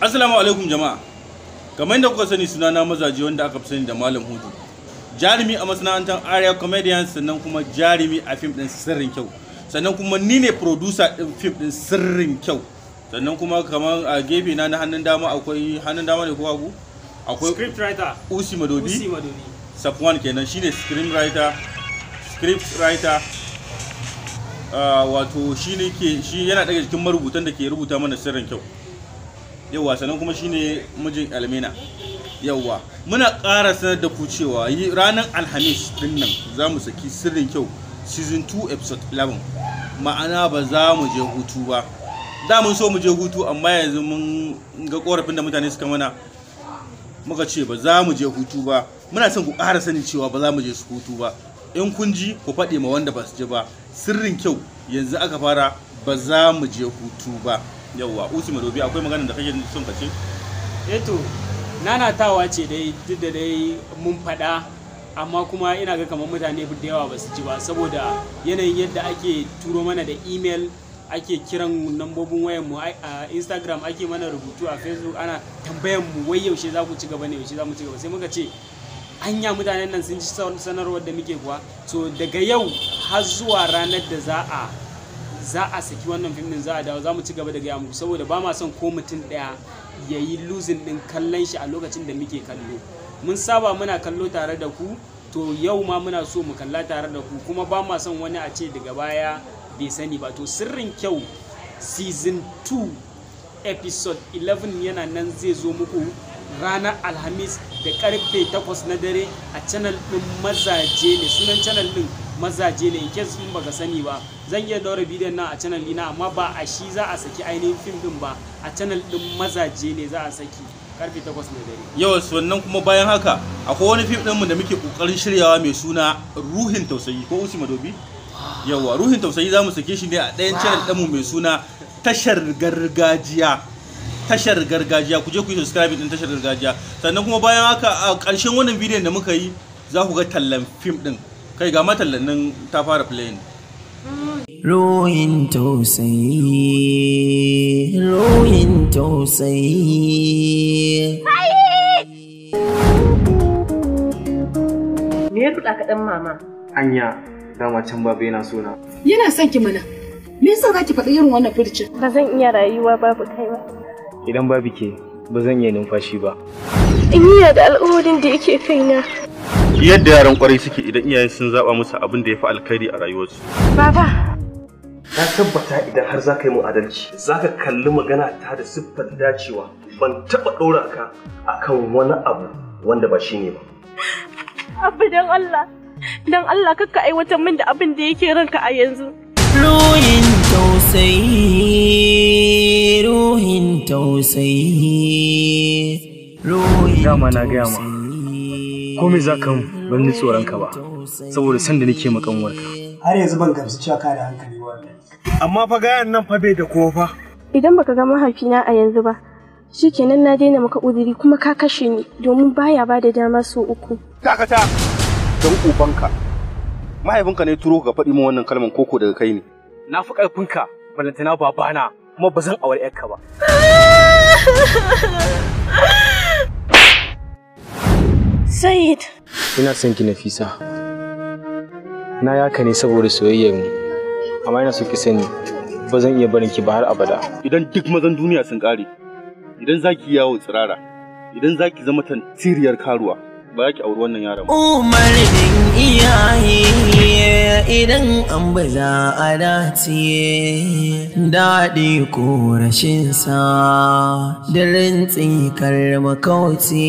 Assalamu alaikum jama'a. Kamar yadda kuka sani sunana mazaje wanda aka fi sani da Malam Hudu. Jarumi a masana'antar Area Comedian sannan kuma jarumi a fim din Sirrin Kyau. Sannan kuma ni ne producer din fim din Sirrin Kyau. Sannan kuma kamar a gefe na na hannun dama akwai hannun dama ne ko hagu? Akwai script writer Usi Madodi. Usi Madodi. Safwan kenan shine script writer script writer ah, wato shi ne ke shi yana daga cikin marubutan da ke rubuta mana sirrin kyau yauwa sannan kuma shine mijin almina yauwa muna ƙara sanar da ku cewa ranar alhamis din nan za mu saki sirrin kyau season 2 episode 11 ma'ana ba za mu je hutu ba da mun so mu je hutu amma yanzu mun ga korafin da mutane suka mana muka ce ba za mu je hutu ba muna son ku kara sanin cewa ba za mu je su hutu ba in kun ji ku faɗi ma wanda ba su je ba sirrin kyau yanzu aka fara ba za mu je hutu ba yawwa usu dobi akwai maganin da kake son ka ce eto eh tawa ce dai duk da dai mun faɗa amma kuma ina ga kamar mutane da yawa ba su ji ba saboda yanayin yadda ake turo mana da email ake kiran nambobin wayan mu a instagram ake mana rubutu a facebook ana tambayan mu wai yaushe za ku ci gaba ne yaushe za mu ci gaba sai muka ce anya mutanen nan sun ji sanarwar da muke kuwa so daga yau har zuwa ranar da za a za a saki wannan fim din za a dawo za mu ci gaba da gaya muku saboda ba ma son ko mutum ɗaya ya yi luzin ɗin kallon shi a lokacin da muke kallo mun saba muna kallo tare da ku to yau ma muna so mu kalla tare da ku kuma ba ma son wani a ce daga baya bai sani ba to sirrin kyau season 2 episode 11 yana nan zai zo muku ranar alhamis da karfe 8 na dare a channel ɗin mazaje ne sunan channel ɗin mazaje ne case in baka sani ba zan iya daura bidiyon nan a channel dina amma ba a shi za a saki ainihin fim din ba a channel ɗin mazaje ne za a saki karfe 8 na dare yawa sannan kuma bayan haka akwai wani fim ɗinmu da muke kokarin shiryawa mai suna ruhin tausayi ko usi madobi yawa ruhin tausayi za mu sake shi ne a ɗayan channel ɗinmu mai suna tashar gargajiya tashar gargajiya ku je ku yi subscribe din tashar gargajiya sannan kuma bayan haka a ƙarshen wannan bidiyon da muka yi za ku ga tallan fim din kai ga matallannin ta fara playing Ruhin tausayi, ruhin tausayi. Me ya kuɗa kaɗan mama? Anya, dama can babu yana suna. Yana son ki mana. Me yasa za ki faɗi irin wannan furcin? Ba zan iya rayuwa babu kai ba. Idan babu ke, ba zan iya numfashi ba. In yi da al'umadin da yake kaina. yadda yaran kwarai suke idan iyaye sun zaba musu abin da ya fi alkhairi a rayuwarsu. Baba. Ka tabbata idan har za ka yi mu adalci, za ka kalli magana ta da siffar dacewa ban taɓa ɗora ka akan wani abu wanda ba shi ne ba. Abu don Allah, don Allah kakka aiwatar min da abin da yake ranka a yanzu. Ruhin tausayi, ruhin tausayi, ruhin tausayi. Dama na gaya komai za ka ban ni tsoron ka ba saboda san da nake makan warka har yanzu ban gamsu cewa ka da hankali wannan amma fa gayan nan fa bai da fa idan baka ga mahaifina a yanzu ba shikenan na daina maka uzuri kuma ka kashe ni domin baya ba da dama so uku dakata don ubanka mahaifinka ne turo ga faɗi min wannan kalmar koko daga kai ne na fi ƙarfinka balantana babana kuma ba zan aure 'yarka ba Sayid. Ina son ki Nafisa. Na yaka ne saboda soyayyar mu. Amma ina so ki sani ba zan iya barin ki ba har abada. Idan duk mazan duniya sun kare, idan zaki yawo tsirara, idan zaki zama tantiriyar karuwa, ba za ki auri wannan yaron. Umarnin iyaye idan an baza a dace daɗi ko rashin sa, daren tsikar makauci.